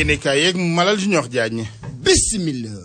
yéenekaay yeeg Malal Junior Diagne. bisimilah.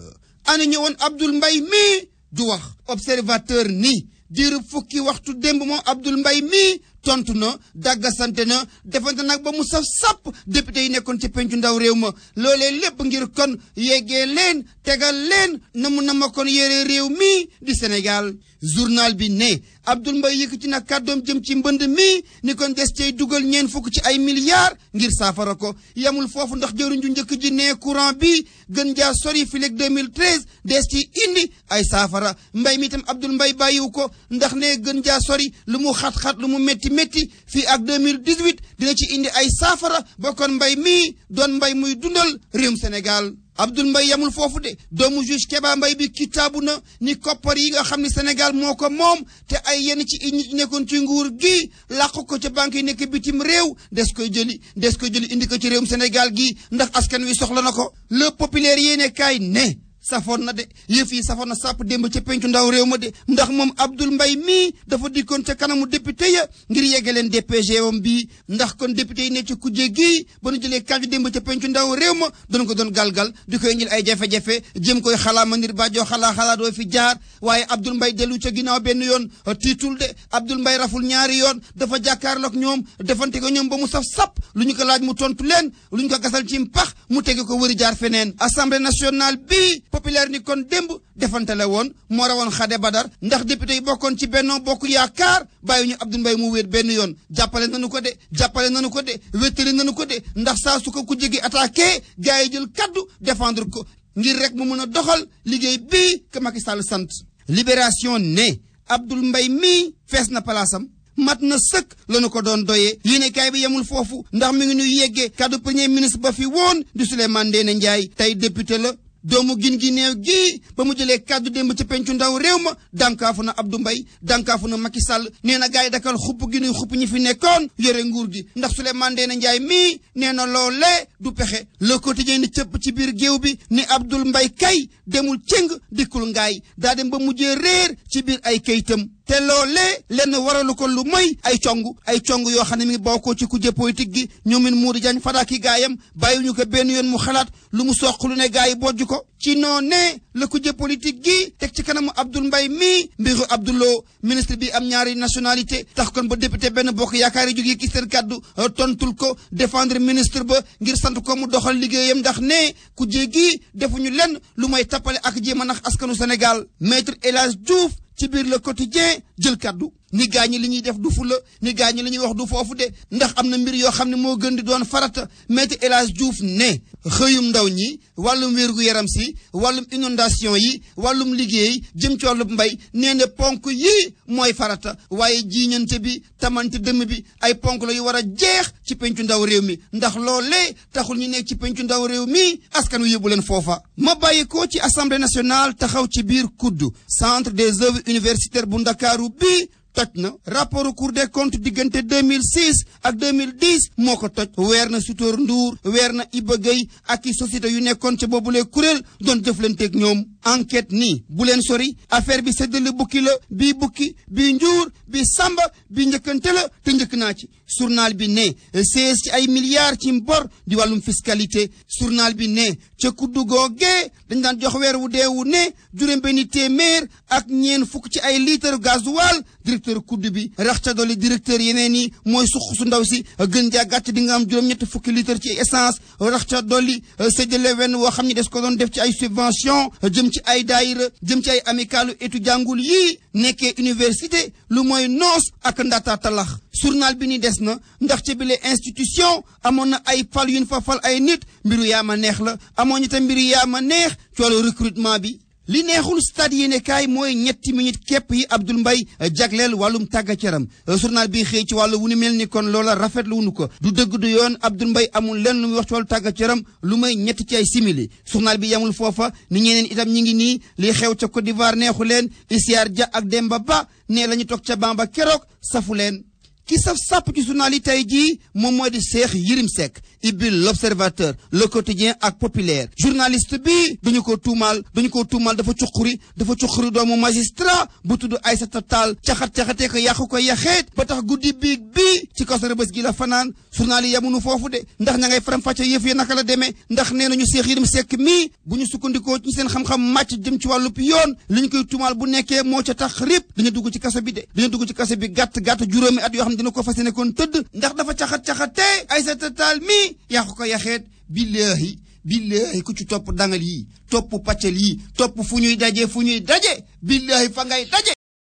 ana ñëwoon Abdoul mbay mii du wax observateur ni diiru fukki waxtu démb moom abdul mbay mii tontu na dàggasante na defante nag ba mu saf sàpp député yi nekkoon ci pencu ndaw réew ma loolee lépp ngir kon yeggee leen tegal leen na mu na ma kon yére réew mii di Sénégal journal bi ne Abdoul Mbaye yëkkati nag kàddoom jëm ci mbënd mi ni kon des cey dugal ñeen fukk ci ay milliards ngir saafara ko yamul foofu ndax jëruñ ju njëkk ji nee courant bi gën jaa sori fileeg 2013 des ci indi ay saafara mbay mi itam abdul mbay bàyyiwu ko ndax ne gën jaa sori lu mu xat-xat lu mu métti métti fii ak 2018 dina ci indi ay saafara ba kon mbay mi doon mbay muy dundal réewum Sénégal Abdoul Mbaye yamul foofu de doomu juge kebaa mbay bi kitaabu na ni koppor yi nga xam ne Sénégal moo ko moom te ay yenn ci nit ñi nekkoon ci nguur gi làq ko ca banque yi nekk bitim réew des koy jëli des koy jëli indi ko ci réewum Sénégal gi ndax askan wi soxla na ko le populaire yéene kaay ne safoon na de yëf yi safoon na sàpp démb ca pencu ndaw réew ma de ndax moom Abdoul Mbaye mii dafa dikkoon ca kanamu député ya ngir yegge leen DPG wam bi ndax kon député yi nekk ci kujje gii ba nu jëlee kàddu démb ca pencu ndaw réew ma doon ko doon galgal di koy indil ay jafe-jafe jëm koy xalaama nir bàjjoo xalaa xalaa doo fi jaar waaye Abdoul mbay dellu ca ginnaaw benn yoon tiitul de Abdoul Mbaye raful ñaari yoon dafa jàkkaarloog ñoom defante ko ñoom ba mu saf sap lu ñu ko laaj mu tontu leen lu ñu ko gasal ci mpax mu tege ko wëri jaar feneen assemblée nationale bi populaire ni kon démb defante la woon moo rawoon xade dar ndax député yi bokkoon ci bennoo bokk yaakaar bàyyi ñu Abdou mbay mu wéet benn yoon jàppale nanu ko de jàppale nanu ko de wéttali nanu ko de ndax saa su ko ku jege attaqué gars yi jël kaddu défendre ko ngir rek mu mën a doxal liggéey bii que Sall sant libération ne abdul mbay mii fees na palaasam mat na sëkk lanu ko doon doyee yéenekaay bi yamul foofu ndax mi ngi nuy yeggee kaddu premier ministre ba fi woon di Souleymane Ndéné Ndiaye tey député la doomu gin gi néew gi ba mu jëlee kàddu démb ci pencu ndaw réew ma dànkaafu na Abdou mbay dànkaafu na Macky Sall nee na gars yi dakal xupp gi nuy xupp ñi fi nekkoon yore nguur gi ndax Souleymane Ndéné Ndiaye mii nee na loolee du pexe Le Quotidien ni cëpp ci biir géew bi ni Abdoul mbay kay demul cëng dikkul ngaay daa dem ba mujjee réer ci biir ay kayitam te loolee lenn waralu ko lu may ay cong ay cong yoo xam ne mi bokkoo ci kuje politique gi ñoomin Modou Diagne Fada ki gaayam bàyyiwuñu ko benn yoon mu xalaat lu mu soq lu ne gaa yi bojj ko ci noonee la kuje politique gi teg ci kanamu Abdoul Mbaye mii mbiru Abdoulo ministre bi am ñaari nationalité tax kon ba député benn bokk yaakaar yi jógee ki seen kàddu euh, tontul ko défendre ministre ba ngir sant ko mu doxal liggéeyam ndax ne kuje gi defuñu lenn lu may tappale ak jéem a nax askanu Sénégal maître El Hadj ci biir le quotidien jël kàddu ni gaa ñi li ñuy def du fula ni gaa ñi li ñuy wax du foofu de ndax am na mbir yoo xam ne moo gën di doon farata Maître El Hadji ne xëyum ndaw ñi wàllum wér-gu-yaram si wàllum inondation yi wàllum liggéey jëm ci wàllum mbay nee na ponk yi mooy farata waaye jiiñante bi tamante dëmm bi ay ponk la yu war a jeex ci pencu ndaw réew mi ndax loolee taxul ñu nekk ci pencu ndaw réew mi askan wi yóbbu leen foofa ma bàyyi ko ci assemblée nationale taxaw ci biir kuddu centre des œuvres bu ndakaaru bi toj na rapport cour de comptes diggante 2006 ak 2010 moo ko toj weer na Sutoor Nduur weer na Iba Gueye ak i société yu nekkoon ca boobule kuréel doon jëflanteeg ñoom enquête nii bu leen sori affaire bi séddale bukki la bii bukki bii njuur bi samba bi njëkkante la te njëkk naa ci journal bi ne sées ci ay milliards ci mbor di wàllum fiscalité journal bi ne ca kuddu googee dañ daan jox weer wu deewu ne juróom benni téeméer ak ñeen fukk ci ay litre gasoil directeur kudd bi rax ca dolli directeur yeneen yi mooy suq su ndaw si gën jaa gàtt di nga am juróom-ñett fukki litre ci essence rax ca dolli euh, séddale wenn woo xam ne des ko doon def ci ay subvention euh, jëm ci ay daayira jëm ci ay amicalu étudiangul yii nekkee université lu mooy noos ak ndata talax journal bi ni des na ndax ci bile institution amoon na ay fal yuñ fa fal ay nit mbiru yaa ma neex la amoon itam mbiru yaa ma neex coolu recrutement bi li neexul stade yéene kaay mooy ñetti minute képp yi Abdoul Mbaye eh, jagleel wàllum tàggat yaram eh, journal bi xëy ci wàllu wu ni mel ni kon loola rafetlu wunu ko du dëgg du yoon Abdoul Mbaye amul lenn lu muy wax ci wàllu tàggat yaram lu may ñetti ci ay simili journal bi yamul foofa ni ñeneen itam ñi ngi nii li xew ca Côte d'Ivoire neexu leen Isiar Dia ak Demba Ba ne la ñu toog ca Bamba keroog safu leen kii saf sàpp ci journal yi tey jii moom moo di Cheikh Yirim sek ibil l'observateur le quotidien ak populaire journaliste bi duñu ko tuumaal duñu ko tuumaal dafa cuquri dafa cuquri doomu magistrat bu tudd ay Aïssata Tall caxat-caxatee ko yàqu ko yaxeet ba tax guddi biig bi ci kaso Rebeuss gi la fanaan journal yi nu foofu de ndax ña ngay faram fàcc yëf yi naka la demee ndax nee nañu Cheikh Yérim sekk mii bu ñu sukkandikoo ci seen xam-xam màcc jëm ci wàllu yoon li ñu koy tuumaal bu nekkee moo ca tax rib dañu dugg ci kaso bi de dañu dugg ci kaso bi gàtt gàtt juróomi at yoo xam ne ko fas yéene kon tëdd ndax dafa caxat-caxatee Aïssata Tall mii yaxu ko yaxeet billaahi billaahi ku ci topp dangal yii topp paccal yii topp fu ñuy daje fu ñuy daje billaahi fa ngay daje